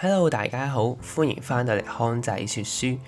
Hello，大家好，歡迎翻到嚟康仔說書。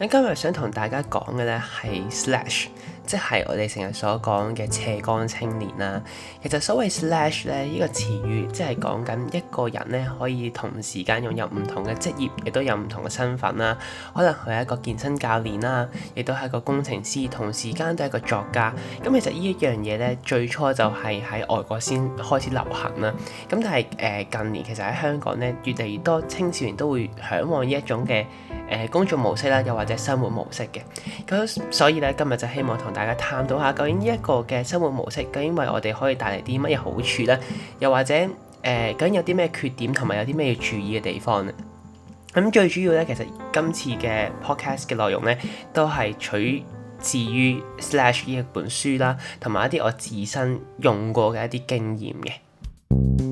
咁今日想同大家講嘅咧係 slash，即係我哋成日所講嘅斜槓青年啦。其實所謂 slash 咧，依、這個詞語即係講緊一個人咧可以同時間擁有唔同嘅職業，亦都有唔同嘅身份啦。可能佢係一個健身教練啦，亦都係一個工程師，同時間都係一個作家。咁其實一呢一樣嘢咧，最初就係喺外國先開始流行啦。咁但係誒、呃、近年其實喺香港咧，越嚟越多青少年都會嚮往呢一種嘅誒、呃、工作模式啦，又或～生活模式嘅，咁所以咧今日就希望同大家探討下，究竟呢一個嘅生活模式究竟為我哋可以帶嚟啲乜嘢好處咧？又或者誒、呃，究竟有啲咩缺點同埋有啲咩要注意嘅地方咧？咁最主要咧，其實今次嘅 podcast 嘅內容咧，都係取自於 Slash 呢一本書啦，同埋一啲我自身用過嘅一啲經驗嘅。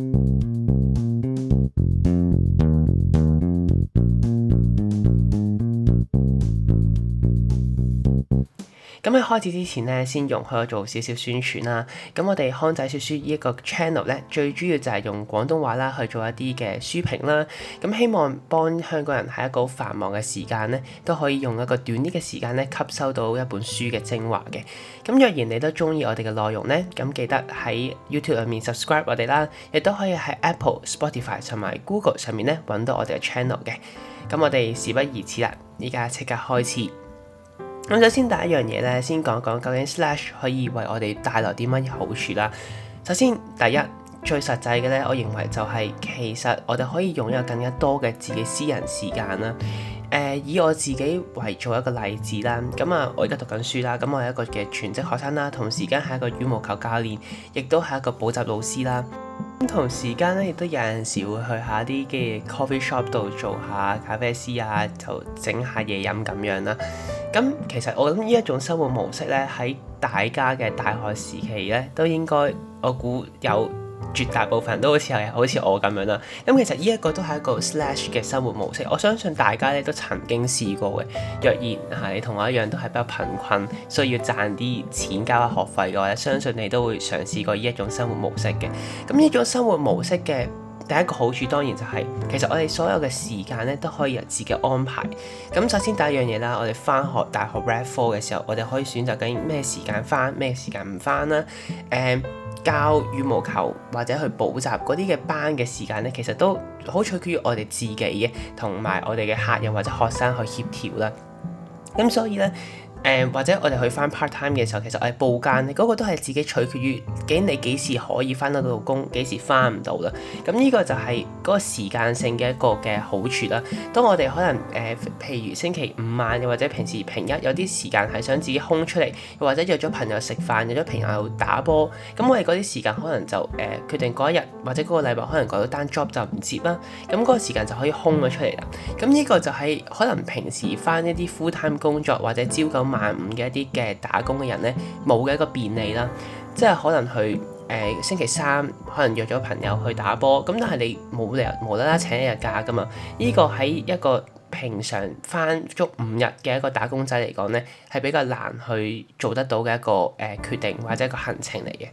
開始之前咧，先容許我做少少宣傳啦。咁我哋康仔說書依一個 channel 咧，最主要就係用廣東話啦去做一啲嘅書評啦。咁希望幫香港人喺一個繁忙嘅時間咧，都可以用一個短啲嘅時間咧，吸收到一本書嘅精華嘅。咁若然你都中意我哋嘅內容咧，咁記得喺 YouTube 上面 subscribe 我哋啦，亦都可以喺 Apple、Spotify 同埋 Google 上面咧揾到我哋嘅 channel 嘅。咁我哋事不宜遲啦，依家即刻開始。咁首先第一樣嘢咧，先講講究竟 Slash 可以為我哋帶來啲乜嘢好處啦。首先第一最實際嘅咧，我認為就係其實我哋可以擁有更加多嘅自己私人時間啦。誒、呃，以我自己為做一個例子啦。咁啊，我而家讀緊書啦，咁我係一個嘅全職學生啦，同時間係一個羽毛球教練，亦都係一個補習老師啦。咁同時間咧，亦都有陣時會去下啲嘅 coffee shop 度做下咖啡師啊，就整下嘢飲咁樣啦。咁其實我諗呢一種生活模式咧，喺大家嘅大學時期咧，都應該我估有絕大部分都好似係好似我咁樣啦。咁、嗯、其實呢一個都係一個 slash 嘅生活模式，我相信大家咧都曾經試過嘅。若然係同、啊、我一樣都係比較貧困，需要賺啲錢交下學費嘅話咧，相信你都會嘗試過呢一種生活模式嘅。咁、嗯、呢種生活模式嘅。第一個好處當然就係、是，其實我哋所有嘅時間咧都可以由自己安排。咁首先第一樣嘢啦，我哋返學大學 r a p four 嘅時候，我哋可以選擇緊咩時間返，咩時間唔返啦。誒、嗯，教羽毛球或者去補習嗰啲嘅班嘅時間咧，其實都好取決於我哋自己嘅，同埋我哋嘅客人或者學生去協調啦。咁所以咧。誒、嗯、或者我哋去翻 part time 嘅時候，其實係報間，嗰、那個都係自己取決於究竟你幾時可以翻得到工，幾時翻唔到啦。咁呢個就係個時間性嘅一個嘅好處啦。當我哋可能誒、呃、譬如星期五晚又或者平時平日有啲時間係想自己空出嚟，又或者約咗朋友食飯約咗朋友打波，咁我哋嗰啲時間可能就誒、呃、決定嗰一日或者嗰個禮拜可能過咗單 job 就唔接啦。咁個時間就可以空咗出嚟啦。咁呢個就係可能平時翻一啲 full time 工作或者朝九晚萬五嘅一啲嘅打工嘅人咧，冇嘅一個便利啦，即係可能佢誒、呃、星期三可能約咗朋友去打波，咁但係你冇理由無啦啦請一日假噶嘛？呢、這個喺一個平常翻足五日嘅一個打工仔嚟講咧，係比較難去做得到嘅一個誒、呃、決定或者一個行程嚟嘅。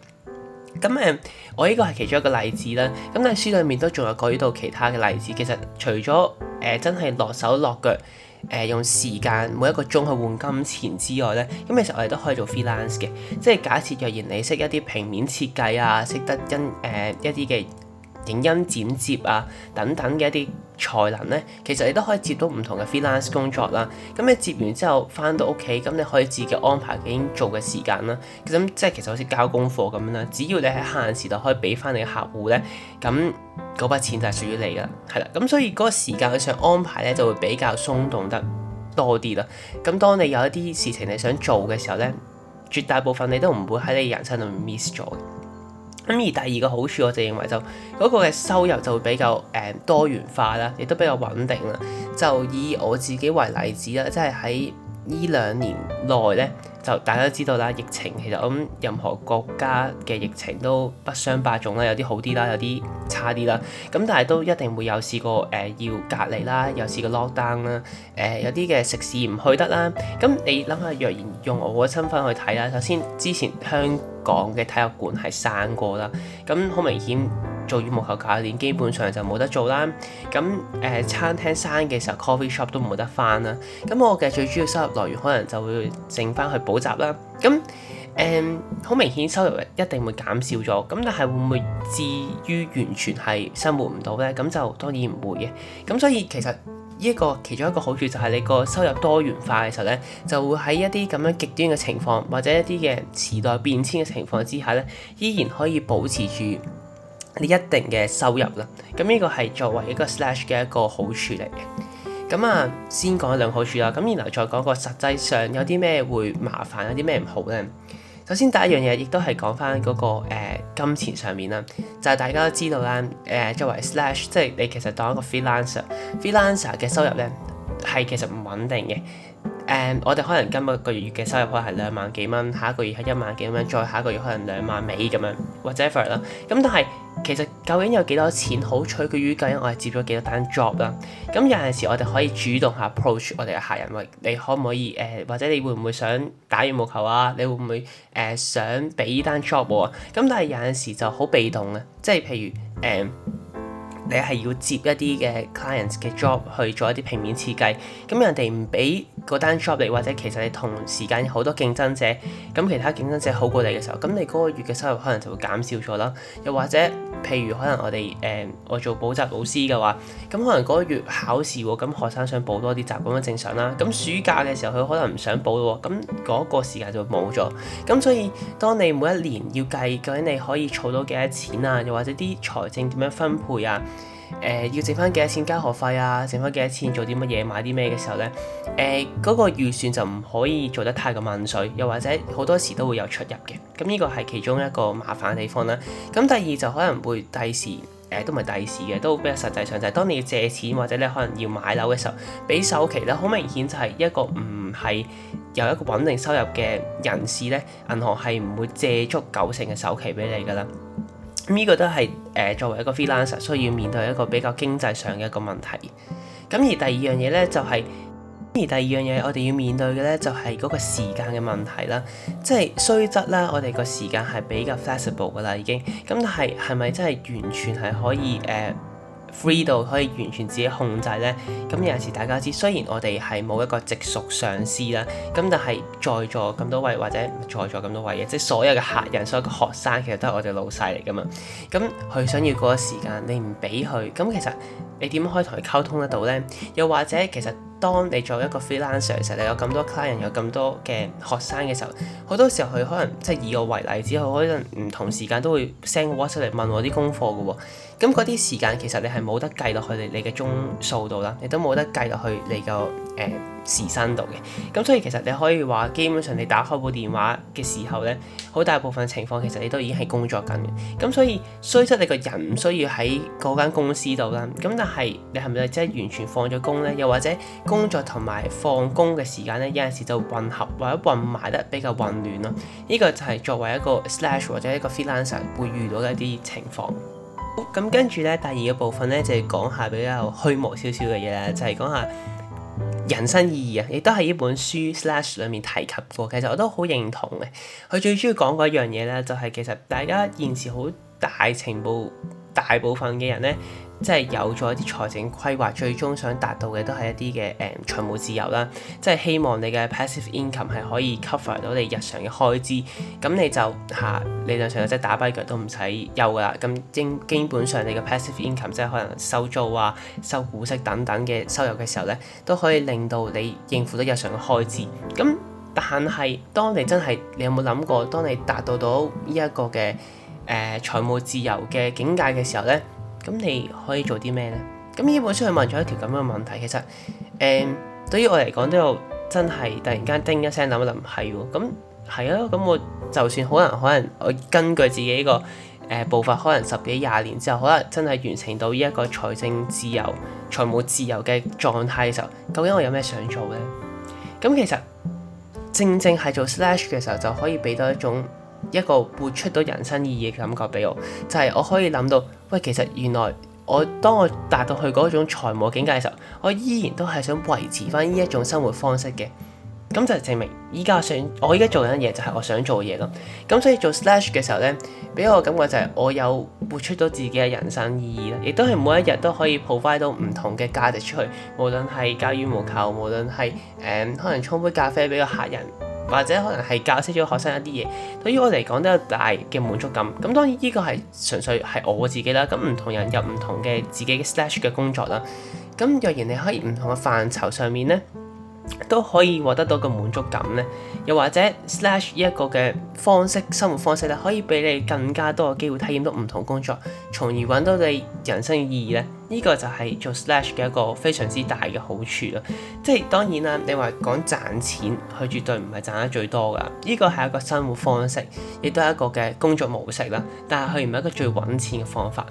咁誒、呃，我呢個係其中一個例子啦。咁但係書裏面都仲有舉到其他嘅例子。其實除咗誒、呃、真係落手落腳。誒、呃、用時間每一個鐘去換金錢之外咧，咁其實我哋都可以做 freelance 嘅，即係假設若然你識一啲平面設計啊，識得音誒、呃、一啲嘅影音剪接啊等等嘅一啲。才能呢，其實你都可以接到唔同嘅 freelance 工作啦。咁你接完之後翻到屋企，咁你可以自己安排已經做嘅時間啦。其實咁即係其實好似交功課咁樣啦。只要你喺限時就可以俾翻你嘅客戶呢。咁嗰筆錢就係屬於你嘅，係啦，咁所以嗰個時間上安排呢，就會比較鬆動得多啲啦。咁當你有一啲事情你想做嘅時候呢，絕大部分你都唔會喺你人生裏面 miss 咗。咁而第二個好處，我就認為就嗰、那個嘅收入就會比較誒、呃、多元化啦，亦都比較穩定啦。就以我自己為例子啦，即係喺呢兩年內呢，就大家都知道啦，疫情其實咁任何國家嘅疫情都不相伯仲啦，有啲好啲啦，有啲差啲啦。咁但係都一定會有試過誒、呃、要隔離啦，有試過 lockdown 啦，誒、呃、有啲嘅食肆唔去得啦。咁你諗下，若然用我嘅身份去睇啦，首先之前香港嘅體育館係散過啦，咁好明顯。做羽毛球教練基本上就冇得做啦。咁誒、呃、餐廳閂嘅時候，coffee shop 都冇得返啦。咁我嘅最主要收入來源可能就會剩返去補習啦。咁誒好明顯收入一定會減少咗。咁但係會唔會至於完全係生活唔到呢？咁就當然唔會嘅。咁所以其實呢一個其中一個好處就係你個收入多元化嘅時候呢，就會喺一啲咁樣極端嘅情況或者一啲嘅時代變遷嘅情況之下呢，依然可以保持住。你一定嘅收入啦，咁呢個係作為一個 slash 嘅一個好處嚟嘅。咁啊，先講兩個好處啦，咁然後再講個實際上有啲咩會麻煩，有啲咩唔好咧。首先第一樣嘢，亦都係講翻嗰個、呃、金錢上面啦，就係、是、大家都知道啦，誒、呃、作為 slash，即係你其實當一個 freelancer，freelancer 嘅 fre 收入咧係其實唔穩定嘅。誒、嗯，我哋可能今個月嘅收入可能係兩萬幾蚊，下一個月係一萬幾蚊，再下一個月可能兩萬尾咁樣，或者 whatever 啦。咁但係其實究竟有幾多錢，好取決於究竟我係接咗幾多單 job 啦。咁、嗯、有陣時我哋可以主動下 approach 我哋嘅客人，話你可唔可以誒、呃？或者你會唔會想打羽毛球啊？你會唔會誒、呃、想俾呢單 job 喎？咁、嗯、但係有陣時就好被動嘅，即係譬如誒、呃，你係要接一啲嘅 clients 嘅 job 去做一啲平面設計，咁、嗯、人哋唔俾，個單 job 嚟，或者其實你同時間有好多競爭者，咁其他競爭者好過你嘅時候，咁你嗰個月嘅收入可能就會減少咗啦。又或者譬如可能我哋誒、呃、我做補習老師嘅話，咁可能嗰個月考試喎，咁學生想補多啲習咁樣正常啦。咁暑假嘅時候佢可能唔想補咯，咁嗰個時間就冇咗。咁所以當你每一年要計究竟你可以儲到幾多錢啊，又或者啲財政點樣分配呀？誒、呃、要剩翻幾多錢交學費啊？剩翻幾多錢做啲乜嘢買啲咩嘅時候呢？誒、呃、嗰、那個預算就唔可以做得太過滲水，又或者好多時都會有出入嘅。咁呢個係其中一個麻煩嘅地方啦。咁第二就可能會第時誒、呃、都唔係第時嘅，都比較實際上就係當你要借錢或者咧可能要買樓嘅時候，俾首期咧。好明顯就係一個唔係有一個穩定收入嘅人士呢，銀行係唔會借足九成嘅首期俾你噶啦。呢個都係誒作為一個 freelancer 需要面對一個比較經濟上嘅一個問題。咁而第二樣嘢呢，就係，而第二樣嘢我哋要面對嘅呢，就係嗰個時間嘅問題啦。即係雖則啦，我哋個時間係比較 flexible 噶啦已經。咁但係係咪真係完全係可以誒、呃 free 到可以完全自己控制呢。咁有陣時大家知，雖然我哋係冇一個直屬上司啦，咁但係在座咁多位或者在座咁多位嘅，即係所有嘅客人、所有嘅學生，其實都係我哋老細嚟噶嘛。咁佢想要嗰個時間，你唔俾佢，咁其實你點可以同佢溝通得到呢？又或者其實。當你作為一個 freelancer，其實你有咁多 client，有咁多嘅學生嘅時候，好多時候佢可能即係以我為例子，可能唔同時間都會 send WhatsApp 嚟問我啲功課嘅喎。咁嗰啲時間其實你係冇得計落去你你嘅鐘數度啦，你都冇得計落去你個誒、呃、時薪度嘅。咁所以其實你可以話，基本上你打開部電話嘅時候咧，好大部分情況其實你都已經係工作緊嘅。咁所以，雖則你個人唔需要喺嗰間公司度啦，咁但係你係咪真係完全放咗工咧？又或者，工作同埋放工嘅時間咧，有陣時就混合或者混埋得比較混亂咯。呢、這個就係作為一個 slash 或者一個 freelancer 會遇到嘅一啲情況。咁跟住咧，第二個部分咧就係講下比較虛無少少嘅嘢啦，就係講下人生意義啊。亦都係呢本書 slash 裡面提及過，其實我都好認同嘅。佢最中意講嗰一樣嘢咧，就係、是、其實大家現時好大情報。大部分嘅人呢，即係有咗一啲財政規劃，最終想達到嘅都係一啲嘅誒財務自由啦。即係希望你嘅 passive income 係可以 cover 到你日常嘅開支，咁你就嚇理論上即係打跛腳都唔使憂㗎喇。咁經基本上你嘅 passive income 即係可能收租啊、收股息等等嘅收入嘅時候呢，都可以令到你應付到日常嘅開支。咁但係當你真係你有冇諗過，當你達到到呢一個嘅？誒、呃、財務自由嘅境界嘅時候呢，咁你可以做啲咩呢？咁呢本書去問咗一條咁嘅問題，其實誒、嗯、對於我嚟講都有真係突然間叮一聲諗一諗，係喎。咁係啊，咁我就算可能可能我根據自己、個誒、呃、步伐，可能十幾廿年之後，可能真係完成到呢一個財政自由、財務自由嘅狀態嘅時候，究竟我有咩想做呢？咁、嗯、其實正正係做 Slash 嘅時候就可以俾到一種一個活出到人生意義嘅感覺俾我，就係我可以諗到，喂，其實原來我當我達到去嗰種財務境界嘅時候，我依然都係想維持翻呢一種生活方式嘅，咁就證明依家想我依家做緊嘢就係我想做嘅嘢咯。咁所以做 Slash 嘅時候呢，俾我感覺就係我有活出到自己嘅人生意義啦，亦都係每一日都可以 provide 到唔同嘅價值出去，無論係教羽毛球，無論係誒可能沖杯咖啡俾個客人。或者可能係教識咗學生一啲嘢，對於我嚟講都有大嘅滿足感。咁當然呢個係純粹係我自己啦。咁唔同人有唔同嘅自己嘅 slash 嘅工作啦。咁若然你可以唔同嘅範疇上面呢。都可以獲得到個滿足感呢。又或者 slash 依一個嘅方式生活方式咧，可以俾你更加多嘅機會體驗到唔同工作，從而揾到你人生嘅意義呢。呢個就係做 slash 嘅一個非常之大嘅好處咯。即係當然啦，你話講賺錢，佢絕對唔係賺得最多噶。呢個係一個生活方式，亦都係一個嘅工作模式啦。但係佢唔係一個最揾錢嘅方法，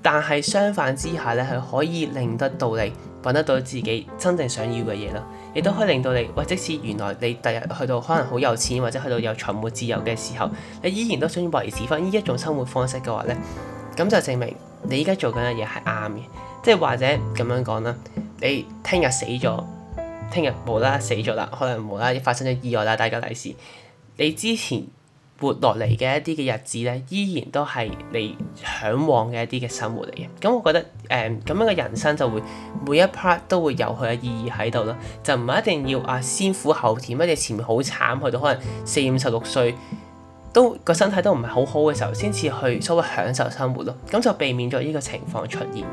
但係相反之下呢，係可以令得到你。揾得到自己真正想要嘅嘢啦，亦都可以令到你，或即使原來你第日去到可能好有錢，或者去到有財務自由嘅時候，你依然都想維持翻呢一種生活方式嘅話咧，咁就證明你依家做緊嘅嘢係啱嘅。即係或者咁樣講啦，你聽日死咗，聽日無啦啦死咗啦，可能無啦啦發生咗意外啦，大吉利是，你之前活落嚟嘅一啲嘅日子咧，依然都係你向往嘅一啲嘅生活嚟嘅。咁我覺得誒咁、呃、樣嘅人生就會每一 part 都會有佢嘅意義喺度咯，就唔係一定要啊先苦後甜，或者前面好慘，去到可能四五十六歲都個身體都唔係好好嘅時候，先至去稍微享受生活咯。咁就避免咗呢個情況出現，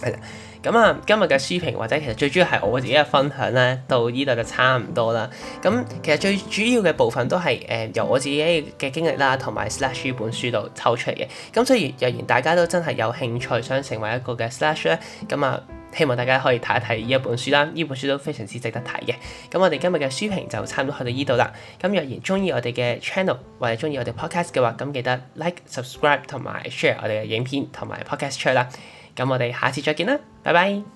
係啦。咁啊，今日嘅書評或者其實最主要係我自己嘅分享咧，到依度就差唔多啦。咁其實最主要嘅部分都係誒、呃、由我自己嘅經歷啦，同埋 Slash 呢本書度抽出嚟嘅。咁雖然若然大家都真係有興趣想成為一個嘅 Slash 咧，咁啊，希望大家可以睇一睇呢一本書啦。呢本書都非常之值得睇嘅。咁我哋今日嘅書評就差唔多去到依度啦。咁若然中意我哋嘅 channel 或者中意我哋 podcast 嘅話，咁記得 like、subscribe 同埋 share 我哋嘅影片同埋 podcast 出去啦。咁我哋下次再見啦，拜拜。